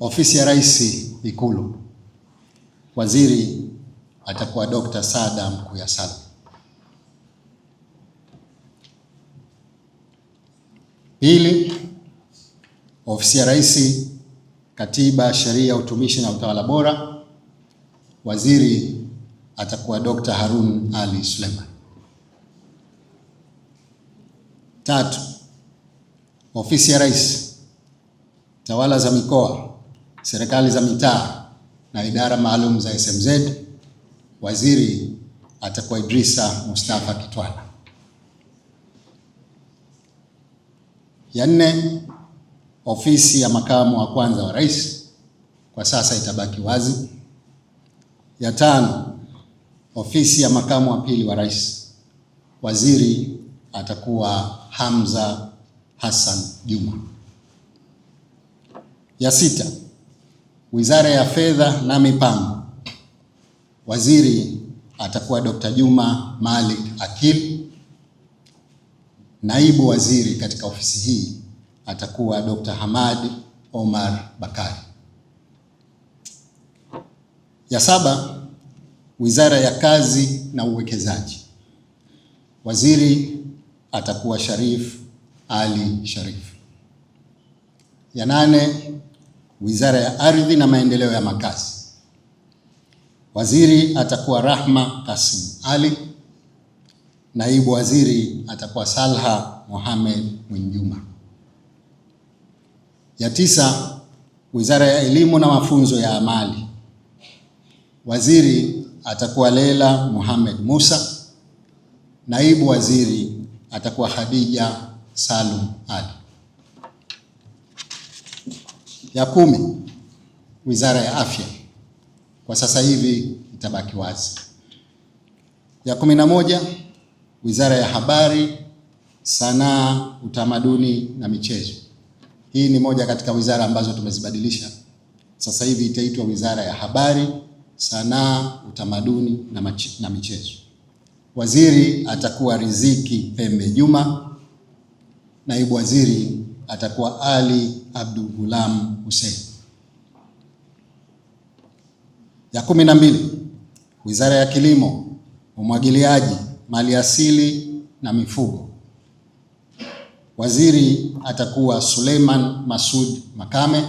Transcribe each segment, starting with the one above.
Ofisi ya Rais Ikulu, waziri atakuwa Dr. Saada Mkuyasala. Pili, ofisi ya Rais Katiba, Sheria, Utumishi na Utawala Bora, waziri atakuwa Dr. Harun Ali Suleiman. Tatu, ofisi ya Rais, Tawala za Mikoa serikali za mitaa na idara maalum za SMZ, waziri atakuwa Idrisa Mustafa Kitwana. Ya nne, ofisi ya makamu wa kwanza wa rais kwa sasa itabaki wazi. Ya tano, ofisi ya makamu wa pili wa rais, waziri atakuwa Hamza Hassan Juma. Ya sita Wizara ya Fedha na Mipango, waziri atakuwa Dr. Juma Malik Akil. Naibu waziri katika ofisi hii atakuwa Dr. Hamad Omar Bakari. Ya saba, Wizara ya Kazi na Uwekezaji, waziri atakuwa Sharif Ali Sharif. Ya nane Wizara ya Ardhi na Maendeleo ya Makazi. Waziri atakuwa Rahma Kasim Ali. Naibu waziri atakuwa Salha Mohamed Mwinjuma. Ya tisa, Wizara ya Elimu na Mafunzo ya Amali. Waziri atakuwa Leila Mohamed Musa. Naibu waziri atakuwa Khadija Salum Ali. Ya kumi, wizara ya afya kwa sasa hivi itabaki wazi. Ya kumi na moja, wizara ya habari, sanaa, utamaduni na michezo. Hii ni moja katika wizara ambazo tumezibadilisha. Sasa hivi itaitwa wizara ya habari, sanaa, utamaduni na, na michezo. Waziri atakuwa Riziki Pembe Juma, naibu waziri atakuwa Ali Abdul Ghulam Hussein. Ya kumi na mbili, Wizara ya Kilimo, Umwagiliaji, Maliasili na Mifugo. Waziri atakuwa Suleiman Masud Makame.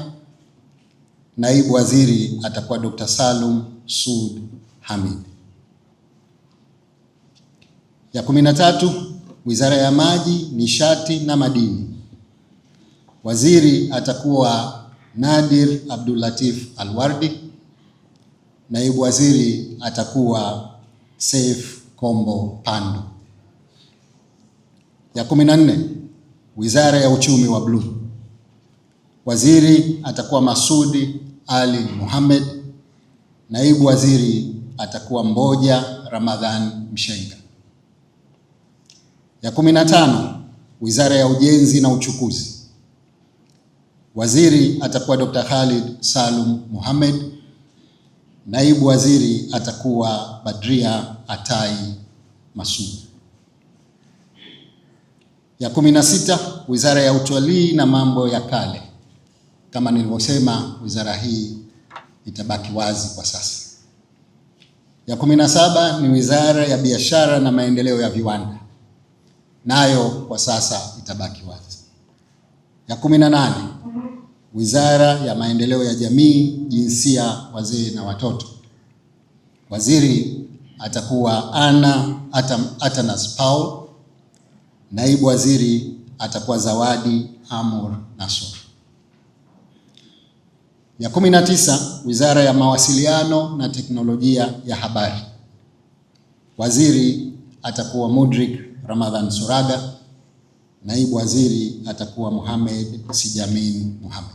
Naibu waziri atakuwa Dr. Salum Sud Hamid. Ya kumi na tatu, Wizara ya Maji, Nishati na Madini. Waziri atakuwa Nadir Latif Alwardi, naibu waziri atakuwa Saif Kombo Pando. Ya kumi na nne, Wizara ya Uchumi wa Bluu. Waziri atakuwa Masudi Ali Mohamed, naibu waziri atakuwa Mboja Ramadhan Mshenga. Ya kumi na tano, Wizara ya Ujenzi na Uchukuzi. Waziri atakuwa Dr. Khalid Salum Mohamed, naibu waziri atakuwa Badria Atai Masud. Ya kumi na sita, Wizara ya Utalii na Mambo ya Kale. Kama nilivyosema, wizara hii itabaki wazi kwa sasa. Ya kumi na saba ni Wizara ya Biashara na Maendeleo ya Viwanda, nayo kwa sasa itabaki wazi. Ya kumi na nane Wizara ya Maendeleo ya Jamii, Jinsia, Wazee na Watoto. Waziri atakuwa Ana Atanas Paul. Naibu waziri atakuwa Zawadi Amur Nasor. Ya kumi na tisa, Wizara ya Mawasiliano na Teknolojia ya Habari. Waziri atakuwa Mudrik Ramadhan Suraga. Naibu waziri atakuwa Mohamed Sijamin Mohamed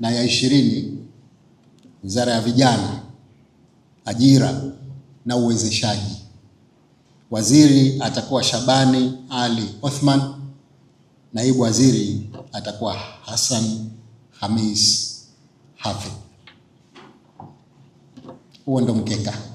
na ya ishirini Wizara ya Vijana, Ajira na Uwezeshaji, waziri atakuwa Shabani Ali Othman, naibu waziri atakuwa Hassan Hamis Hafidh. Huo ndo mkeka.